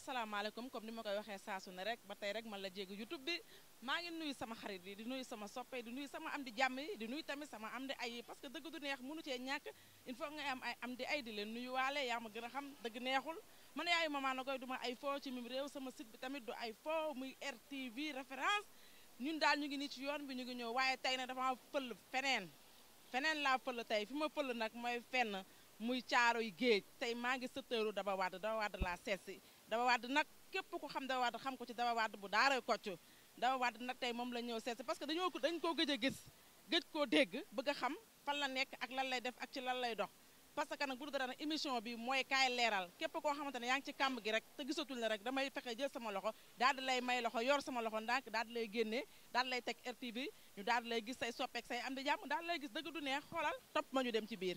asalaamaaleykum comme ni ma koy waxee saasu ne rek ba tey rek man la jéegu youtube bi maa ngi nuyu sama xarit yi di nuyu sama soppe di nuyu sama am di jàmm yi di nuyu tamit sama am di ay parce que dëgg du neex mënu cee ñàkk il faut nga am ay am di ay di leen nuyu waale yaa ma gën a xam dëgg neexul man yaayu maman na koy duma ay foo ci mim réew sama site bi tamit du ay foo muy RTV référence ñun daal ñu ngi nii ci yoon bi ñu ngi ñëw waaye tey na dafa fël feneen feneen laa fël tey fi ma fël nag mooy fenn muy caaro yi géej tey maa ngi sëtëru Daba Wade Daba Wade laa seet si Daba Wade nag képp ku xam Daba Wade xam ko ci Daba Wade bu daaray kocc Daba Wade nag tey moom la ñëw seet si parce que dañoo dañ koo gëj a gis gëj koo dégg bëgg a xam fan la nekk ak lan lay def ak ci lan lay dox parce que nag bu dara nag émission bi mooy kaay leeral képp koo xamante ne yaa ngi ci kàmb gi rek te gisatul ne rek damay fexe jël sama loxo daal di lay may loxo yor sama loxo ndànk daal di lay génnee daal di lay teg RTV ñu daal lay gis say say am jàmm daal lay gis dëgg du neex xoolal topp ma ñu dem ci biir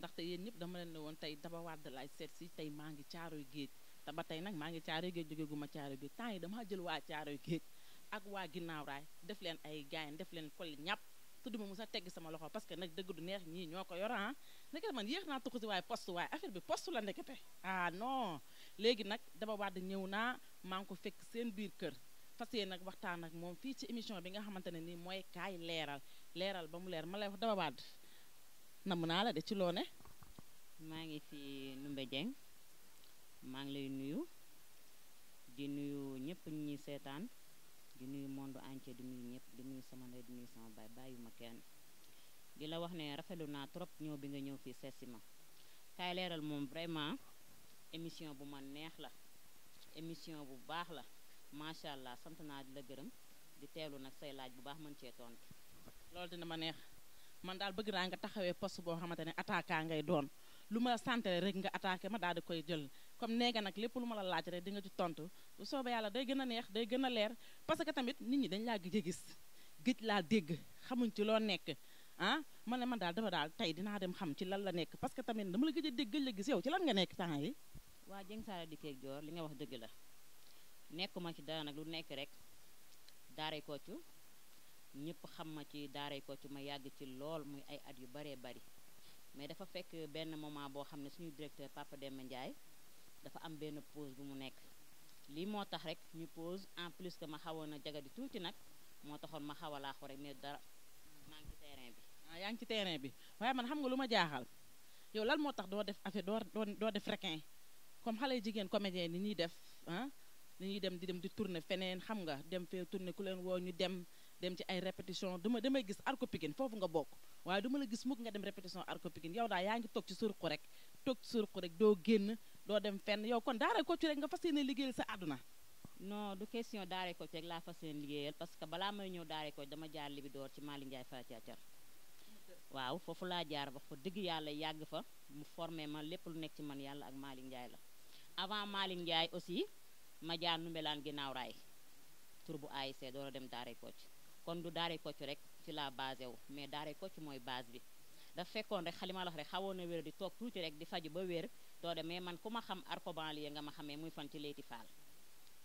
ndaxte yéen ñëpp dama leen la woon tey Daba Wade laay seet si tey maa ngi caaroy géej te ba tey nag maa ngi caaroy géej jóge gu ma caaroy géej yi damaa jël waa caaroy géej ak waa ginnaaw raay def leen ay gaayen def leen kol ñàpp tudd ma musa tegg sama loxo parce que nag dëgg du neex ñii ñoo ko yor ah ndeke man yéex naa tukku si waaye poste waaye affaire bi poste la ndekete ah non léegi nag Daba Wade ñëw naa maa ngi ko fekk seen biir kër fas yéene nag waxtaan ak moom fii ci émission bi nga xamante ne nii mooy kaay leeral leeral ba mu leer ma lay wax Daba Wade namm naa la de ci loone maa ngi fi Ndoumbé Dieng maa ngi lay nuyu di nuyu ñëpp ñi seetaan di nuyu monde entier di nuyu ñëpp di nuyu sama ndey di nuyu sama baay bàyyi ma kenn di la wax ne rafetlu naa trop ñëw bi nga ñëw fii seetsi ma kaay leeral moom vraiment émission bu ma neex la émission bu baax la macha allah sant naa di la gërëm di teelu nag say laaj bu baax mën cee tontu loolu dina ma neex. man daal bëgg naa nga taxawee poste boo xamante ne attaquant ngay doon lu ma santé rek nga attaqué ma daal di koy jël comme nee nag lépp lu ma la laaj rek di nga ci tontu bu soobee yàlla day gën a neex day gën a leer parce que tamit nit ñi dañ laa gëj a gis gëj laa dégg xamuñ ci loo nekk ah man ne man daal dafa daal tey dinaa dem xam ci lan la nekk parce que tamit dama la gëj a dégg gëj la gis yow ci lan nga nekk temps yi waa Dieng Saala Dikkee Joor li nga wax dëgg la nekkuma ci dara nag lu nekk rek daaray koccu ñëpp xam ma ci daaray ci ma yàgg ci lool muy ay at yu baree bari mais dafa fekk benn moment boo xam ne suñu directeur Papa Demba njaay dafa am benn pause bu mu nekk lii moo tax rek ñu pause en plus que ma xawoon a jaga di tuuti nag moo taxoon ma xaw a laaxu rek mais dara maa ngi ci terrain bi. ah yaa ngi ci terrain bi waaye man xam nga lu ma jaaxal yow lan moo tax doo def affaire doo doo def requin comme xale jigéen comédien ni ñuy def ah ni ñuy dem di dem di tourner feneen xam nga dem fee tourner ku leen woo ñu dem. dem ci ay répétition dama damay gis arko Pikine foofu nga bokk waaye duma la gis mukk nga dem répétition arko Pikine yow daa yaa ngi toog ci surqu rek toog ci surqu rek doo génn doo dem fenn yow kon daaray Kocc rek nga fas yéene liggéeyal sa àdduna non du question daaray Kocc rek laa fa seen liggéeyal parce que balaa may ñëw daaray Kocc dama jaar Libidoor ci Mali Ndiaye Fara Thiacar waaw foofu laa jaar ba fa dëgg yàlla yàgg fa mu formé ma lépp lu nekk ci man yàlla ak Mali Ndiaye la avant Mali Ndiaye aussi ma jaar Numbelaan ginnaaw raay tur bu ASC door a dem daaray Kocc kon du daaray koc rek ci la basé wu mais daaray koc mooy base bi fekkoon rek xalima la wax rek xawoon na di toog tuuti rek di faju ba wér doo demee man ku ma xam arko banlieue nga ma xamee muy fan ci leyti faal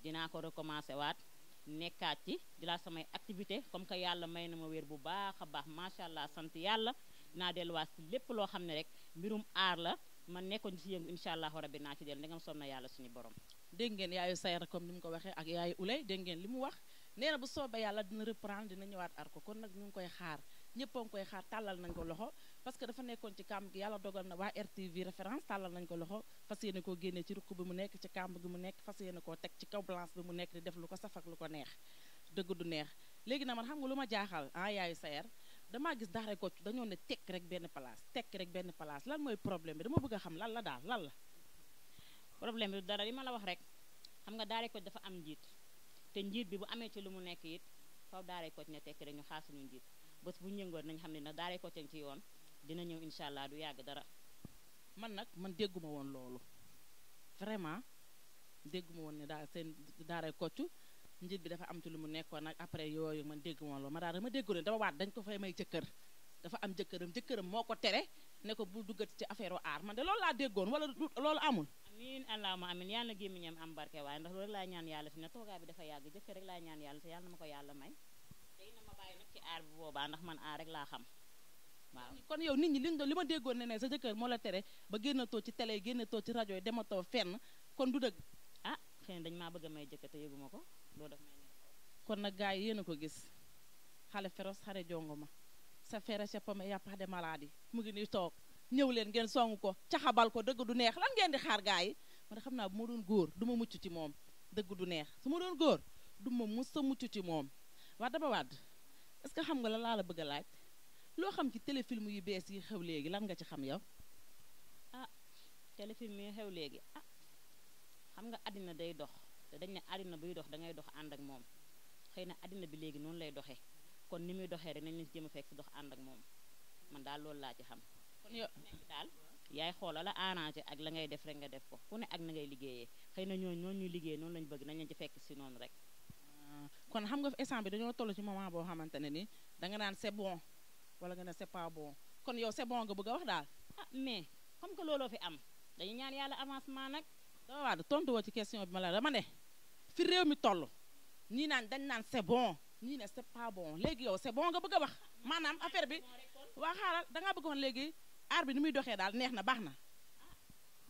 dinaa ko recommencé waat nekkaat ci di laa samay activité comme que yàlla may na ma wér bu baax a baax macha allah sant yàlla dinaa delluwaat si lépp loo xam ne rek mbirum aar la man nekkoon ci yëngu incha rabbi naa ci del yàlla suñu borom dégg ngeen yaayu sayar comme ni mu ko waxee ak yaayu ulay dégg ngeen wax nee bu soobee yàlla dina reprendre dina ñëwaat ar ko kon nag ñu ngi koy xaar ñëpp a ngi koy xaar tàllal nañ ko loxo parce que dafa nekkoon ci kàmb gi yàlla dogal na waa RTV référence tàllal nañ ko loxo fas yéene koo génnee ci rukk bi mu nekk ci kàmb gi mu nekk fas yéene koo teg ci kaw balance bi mu nekk di def lu ko saf ak lu ko neex dëgg du neex léegi nag man xam nga lu ma jaaxal ah yaayu sayer damaa gis daara Kocc dañoo ne tekk rek benn place tekk rek benn place lan mooy problème dama bëgg xam lan la daal lan la problème bi dara li ma la wax rek xam nga daara Kocc dafa am njiit te njiit bi bu amee ci lu mu nekk it faw daaray Kocc na tekki rek ñu xaar suñu njiit bés bu ñu yëngoon xam ne nag daaray Kocc ci yoon dina ñëw incha allah du yàgg dara. man nag man dégguma woon loolu vraiment dégguma woon ne daal seen daaray Kocc njiit bi dafa am ci lu mu nekkoon nag après yooyu man dégguma woon loolu ma daal ma déggu ne dama waat dañ ko fay may jëkkër dafa am jëkkëram jëkkëram moo ko tere ne ko bu duggat ci affaire aar man de loolu laa déggoon wala loolu amul. amiin allahuma amiin yàlla na gémmiñam am barke waaye ndax loolu rek laa ñaan yàlla fi ne toogaay bi dafa yàgg jëkkër rek laa ñaan yàlla te yàlla ma ko yàlla may ci aar bi boobaa ndax man aar rek laa xam waaw kon yow nit ñi liñ doon li ma déggoon ne ne sa jëkkër moo la tere ba génnatoo ci télé yi génnatoo ci rajo dema dematoo fenn kon du dëgg ah xëy dañ maa bëgg a may jëkkër te yëguma ko loolu daf may kon nag gars yi yéen a ko gis xale féroce xale jongo ma sa fere sa pame yàppax mu ngi nii toog ñëw leen ngeen song ko caxabal ko dëgg du neex lan ngeen di xaar gaa yi ma ne xam naa bu ma doon góor du ma mucc ci moom dëgg du neex su ma doon góor du ma mus sa moom wax daba wàdd est que xam nga la laa la bëgg a laaj loo xam ci téléfilm yu bees yi xew léegi lan nga ci xam yow ah téléfilm yi xew léegi ah xam nga àddina day dox te dañ ne àddina buy dox dangay dox ànd ak moom xëy na àddina bi léegi noonu lay doxee kon ni muy doxee rek nañ leen si jëm fekk dox ànd ak moom man daal loolu laa ci xam kon yo daal yaay xoola la arrangé ak la ngay def rek nga def ko ku ne ak na ngay liggéeyee xëy na ñooñu noonu ñuy liggéey noonu lañ bëgg nañ leen ah, kon xam nga instant dañoo toll ci moment boo xamante ne ni danga naan c'est bon wala nga ne c'est pas bon kon yow c'est bon nga bëgg a wax daal ah mais comme que looloo fi am dañu ñaan yàlla avancement nag dama waat woo ci question bi ma la dama ne fi réew mi toll ñii naan dañ naan c'est bon ñii ne c'est pas yow c'est bon nga bëgg wax maanaam affaire bi waa xaaral dangaa bëgg woon léegi aar bi ni muy doxee daal neex na baax na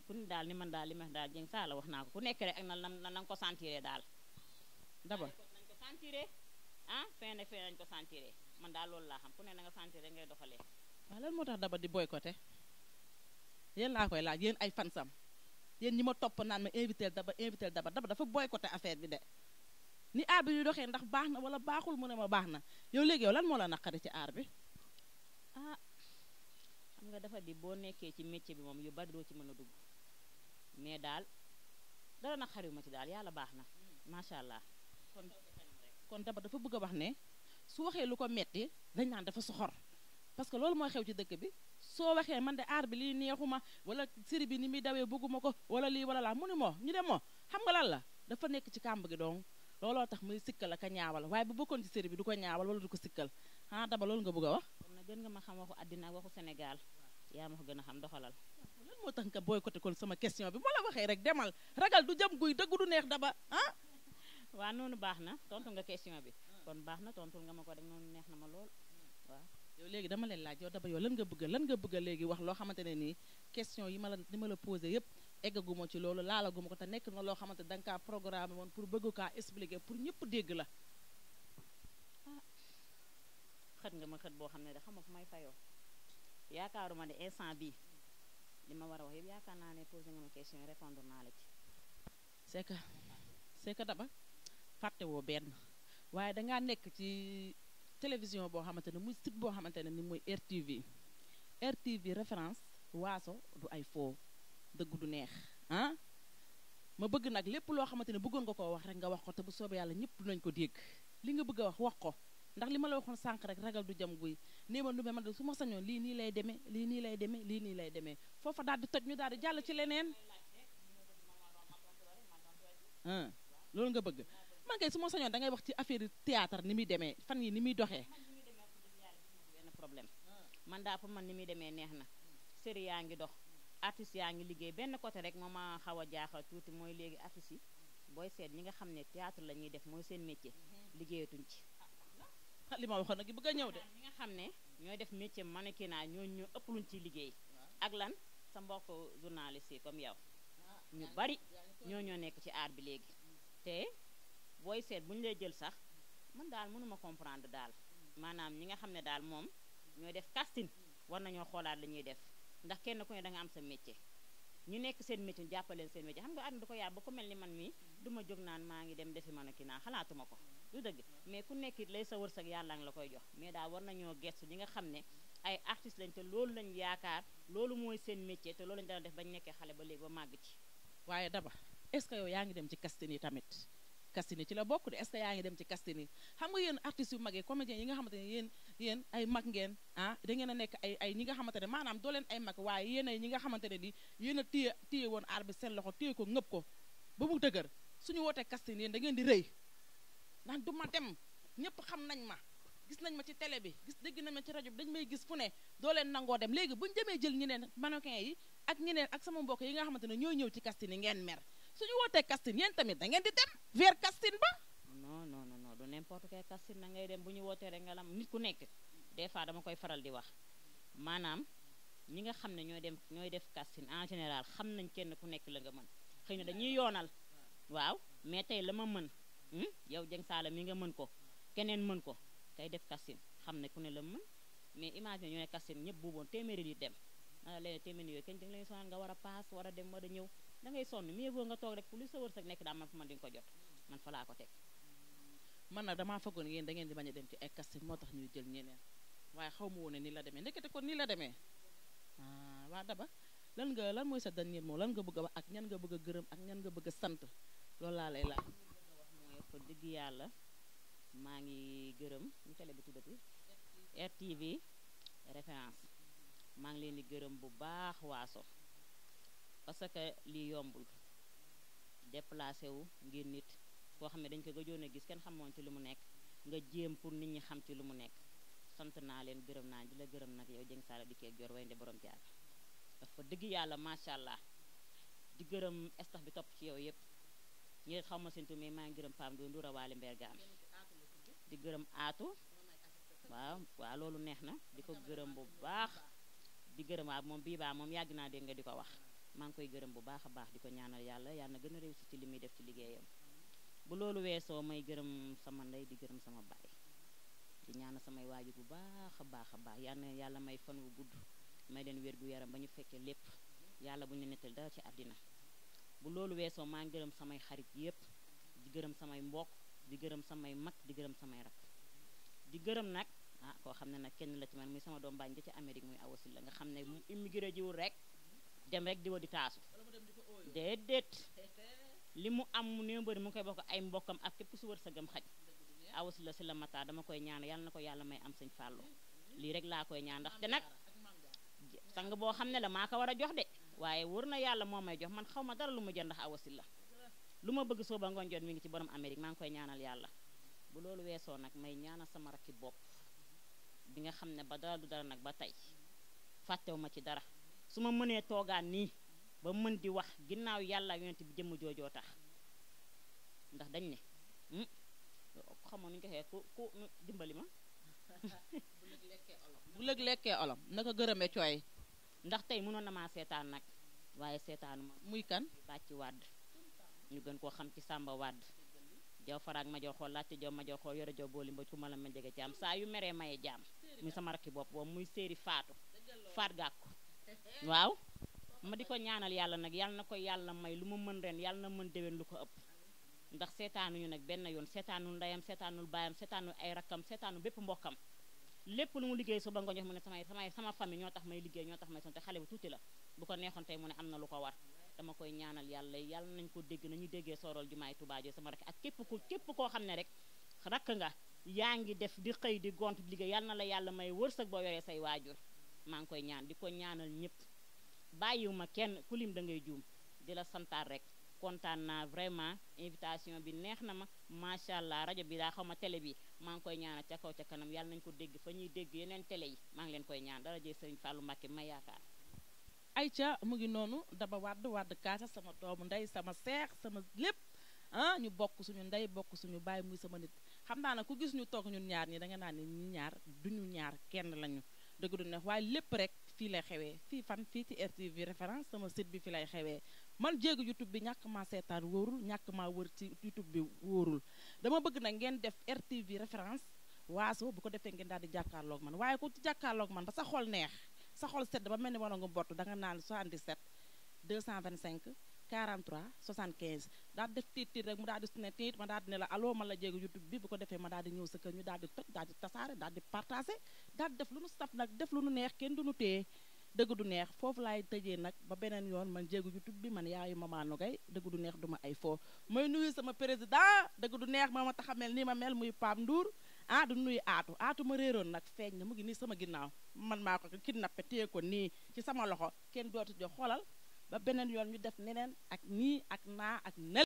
ku daal ni man daal li ma daal jëng saa wax naa ko ku nekk rek ak na na nga ko sentiré daal d'abord nañ ko sentiré ah fin de fin ko sentiré man daal loolu laa xam ku ne na nga sentiré ngay doxalee waaw lan moo tax daba di boycotté yéen laa koy laaj yéen ay fansam yéen ñi ma topp naan ma invité daba invité daba daba dafa boycotté affaire bi de ni aar bi ñuy doxee ndax baax na wala baaxul mu ne ma baax na yow léegi yow lan moo la naqari ci aar bi ah, nga dafa di boo nekkee ci métier bi moom yu bari doo ci mën a dugg mais daal dara na xariw ma ci daal yàlla baax na macha allah. kon kon daba dafa bëgg a wax ne su waxee lu ko metti dañ naan dafa soxor parce que loolu mooy xew ci dëkk bi soo waxee man de aar bi lii neexuma wala série bi ni muy dawee bëgguma ko wala lii wala laa mu ni moo ñu dem moo xam nga lan la dafa nekk ci kàmb gi donc looloo tax muy sikkal ak a ñaawal waaye bu bokkoon ci série bi du ko ñaawal du ko sikkal ah daba loolu nga bëgg a wax. na gën nga ma xam waxu àddina waxu Sénégal. yaa ma ko gën a xam doxalal. lan moo tax nga boycotté kon sama question bi ma la waxee rek demal ragal du jëm guy dëgg du neex daba ah. waa noonu baax na tontu nga question bi. kon baax na tontul nga ma ko rek noonu neex na ma lool waaw. léegi dama leen laaj yow daba yow lan nga bëgg lan bëgg léegi wax loo xamante ne nii question yi ma la ni ma la posé yëpp eggaguma ci loolu laalaguma ko te nekk na loo xamante da nga kaa programme woon pour bëgg kaa expliquer pour ñëpp dégg la. Ah. nga ma boo xam ne da xam nga fu may fayoo. yaakaaruma ne instant bi li ma war a wax yëpp yaakaar naa ne posé nga ma question yi répondre naa la ci c'est que c'est que dama fàtte woo benn waaye dangaa nekk ci télévision boo xamante ne muy site boo xamante ne ni mooy RTV RTV référence waaso du ay foo dëgg du neex ah ma bëgg nag lépp loo xamante ne bëggoon nga koo wax rek nga wax ko te bu soobee yàlla ñëpp dinañ ko dégg li nga bëgg a wax wax ko ndax li ma la waxoon sànq rek ragal du jam guy nii ma ndumbe man de su ma sañoon lii nii lay demee lii nii lay demee lii nii lay demee foofa daal di toj ñu daal di jàll ci leneen loolu nga bëgg man kay su ma sañoon da ngay wax ci affaire théâtre ni muy demee fan yi ni muy doxee benn problème man daa pour man ni muy demee neex na série yaa ngi dox artistes yaa ngi liggéey benn côté rek moo ma xaw a jaaxal tuuti mooy léegi artistes yi booy seet ñi nga xam ne théâtre la ñuy def mooy seen métier mhm. liggéeyatuñ ci li ma waxoon nag bëgg a ñëw de. ñi nga xam ne ñooy def métier mannequinat ñoo ñoo ëpp luñ ci liggéey. ak lan sa mbokk journaliste yi comme yow. ñu bari ñoo ñoo nekk ci aar bi léegi. te booy seet bu ñu lay jël sax man daal mënuma comprendre daal maanaam ñi nga xam ne daal moom ñooy def casting war nañoo xoolaat li ñuy def ndax kenn ku ne danga am sa métier. ñu nekk seen métier jàppaleen seen métier xam nga àdduna du ko yaar ba ko mel ni man mii duma jóg naan maa ngi dem defi mannequinat xalaatuma ko. du dëgg mais ku nekk it lay sa wërsëg yàlla nga la koy jox mais daa war nañoo gestu ñi nga xam ne ay artistes lañ te loolu lañ yaakaar loolu mooy seen métier te loolu lañ daal def bañ nekkee xale ba léegi ba màgg ci. waaye daba est-ce que yow yaa ngi dem ci casting yi tamit casting yi ci la bokk est yaa ngi dem ci casting xam nga yéen artistes yu mag yi comédiens yi nga xamante ne yéen yéen ay mag ngeen ah da ngeen a nekk ay ay ñi nga xamante ne maanaam doo leen ay mag waaye yéen ay ñi nga xamante ne ni yéen a téye téye woon aar bi seen loxo téye ko ngëb ko ba mu dëgër suñu wootee casting yéen da ngeen di rëy ndax du ma dem ñëpp xam nañ ma gis nañ ma ci télé bi gis dégg nañ ma ci rajo bi dañ may gis fu ne doo leen nangoo dem léegi bu ñu demee jël ñeneen mannequin yi ak ñeneen ak sama mbokk yi nga xamante ne ñooy ñëw ci casting yi ngeen mer suñu wootee casting yéen tamit da ngeen di dem vers casting ba non non non du n'importe quel na ngay dem bu ñu wootee rek nga lam nit ku nekk des fois dama koy faral di wax maanaam ñi nga xam ne ñooy dem ñooy def casting en général xam nañ kenn ku nekk la nga mën xëy na dañuy yoonal waaw mais tey la ma mën Hmm? yow Dieng Saala mi nga mën ko keneen mën ko kay def kasim xam ne ku ne la mën mais imagine ñoo ne kasim ñëpp buuboon téeméeri di dem na la leen téeméeri yooyu kenn dañ leen sonal nga war a paas war dem war a ñëw da ngay sonn mieux vaut nga toog rek pour lu sa wërsëg nekk daal man fa man di jot man fa laa ko teg man nag damaa faggoon yéen da ngeen di bañ a dem ci ay kasim moo tax ñuy jël ñeneen waaye xaw ma woon ne nii la demee nekkate kon nii la demee ah waa daba lan nga lan mooy sa dernier mot lan nga bëgg ak ñan nga bëgg a gërëm ak ñan bëgg a sant loolu laa lay ko dëgg yàlla maa ngi gërëm ñu télé bi tuddati RTV référence maa ngi leen di gërëm bu baax waaso parce que lii yombul déplacé wu ngir nit koo xam ne dañ ko gëjoon a gis kenn xamoon ci lu mu nekk nga jéem pour nit ñi xam ci lu mu nekk sant naa leen gërëm naa di la gërëm nag yow jëng saala di keeg jor borom jaar dafa dëgg yàlla macha allah di gërëm staff bi topp ci yow yëpp ñu ne xaw ma seen tur mais maa ngi gërëm Pape Ndoye Ndour waale Mbergaan di gërëm aatu waaw waaw loolu neex na di ko gërëm bu baax di gërëm waaw moom bii baa moom yàgg nga di ko wax maa ngi koy gërëm bu baax baax di ko ñaanal yàlla yàlla gën a ci li muy def ci liggéeyam bu loolu weesoo may gërëm sama ndey di gërëm sama baay di ñaanal samay waajur bu baax a baax a baax yàlla yàlla may fan wu gudd may leen wér gu yaram ba ñu fekkee lépp yàlla bu ñu nettal dara ci àddina bu loolu weesoo maa ngi gërëm samay xarit yépp di gërëm samay mbokk di gërëm samay mag di gërëm samay rak di gërëm nag ah koo xam ne nag kenn la ci man muy sama doom baañ nga ci Amérique muy Awa Sylla nga xam ne mu immigré jiwul rek dem rek di wa li mu am mu néew bëri mu ngi ay mbokkam ak képp su wërsëgam xaj Awa Sylla la mataa dama koy ñaan yàlla na ko yàlla may am sëñ Fallou lii rek laa koy ñaan ndax te nag sang boo xam ne la maa ko war a jox de waaye wóor na yàlla moo may jox man xaw ma dara lu ma jënd ndax Awa Sylla lu ma bëgg soo ba ngoon jot mi ngi ci borom Amérique maa ngi koy ñaanal yàlla bu loolu weesoo nag may ñaanal sama rakki bopp bi nga xam ne ba dara du dara nag ba tey fàttewu ma ci dara su ma mënee toogaan nii ba mën di wax ginnaaw yàlla yonent bi jëmm joojoo tax ndax dañ ne hmm, ku ku dimbali ma bu lëg lekkee olom naka cooy ndax tey mënoon na ma seetaan nag waaye seetaanu ma muy kan bàcci wàdd ñu gën koo xam ci sàmba wàdd jaw faraag ma joxoo laajte jaw ma joxoo yore jaw booli mboj ku ma la ma jege ci am saa yu meree maye jaam muy sama rakki bopp boobu muy séeri faatu faat gàkku waaw ma di ko ñaanal yàlla nag yàlla na ko yàlla may lu ma mën ren yàlla na mën déwén lu ko ëpp ndax seetaanu seetaanuñu nag benn yoon seetaanul ndeyam seetaanul baayam seetaanul ay rakkam seetaanu bépp mbokkam lépp lu mu liggéey suba nga jox mu ne samay samay sama famille ñoo tax may liggéey ñoo tax may sonn te xale bu tuuti la bu ko neexoon tey mu ne am na lu ko war dama koy ñaanal yàlla yàlla nañ ko dégg nañu déggee soorool jumaay Tuubaa jooju sama rek ak képp ku képp koo xam ne rek rakk nga yaa ngi def di xëy di gont di liggéey yàlla na la yàlla may wërsëg boo yoree say waajur maa ngi koy ñaan di ko ñaanal ñëpp bàyyiwu ma kenn ku lim da juum di la santaar rek kontaan naa vraiment invitation bi neex na ma macha allah rajo bi daa xaw ma tele bi maa ngi koy ñaanal ca kaw ca kanam yàlla nañu ko dégg fa ñuy dégg yeneen télé yi maa ngi leen koy ñaan dara jëye sañ Fallou Mbacké ma yaakaar. ca mu ngi noonu daba wàdd wàdd kaasa sama doomu ndey sama seex sama lépp ah ñu bokk suñu ndey bokk suñu baay muy sama nit xam naa ne ku gis ñu toog ñun ñaar ñi da nga naan ne ñu ñaar duñu ñaar kenn lañu dëgg du neex waaye lépp rek. fii lay xewee fii fan fii ci RTV référence sama site bi fi lay xewee man jéegu YouTube bi ñàkk maa seetaan wóorul ñàkk maa wër ci YouTube bi wóorul dama bëgg na ngeen def RTV référence waaso bu ko defee ngeen daal di jàkkaarloog man waaye ko ci jàkkaarloog man ba sa xol neex sa xol sedd ba mel ni wala nga bott da nga naan vingt 77 225 43 quinze daal def tiit tiit rek mu daal di su ne tiit ma daal di ne la allo ma la jéego YouTube bi bu ko defee ma daal di ñëw sa kër ñu daal di toj daal di tasaare daal di partagé daal di def lu nu saf nag def lu nu neex kenn du nu téye dëgg du neex foofu laay tëjee nag ba beneen yoon man jéego YouTube bi man yaayu Mama Nogay dëgg du neex du ma ay foo may nuyu sama président dëgg du neex ma ma tax a mel nii ma mel muy Pape Ndour ah du nuyu aatu aatu ma réeroon nag feeñ na mu ngi nii sama ginnaaw man maa ko kidnappé téye ko nii ci sama loxo kenn dootu jox xoolal ba beneen yoon ñu def neneen ak nii ak naa ak nel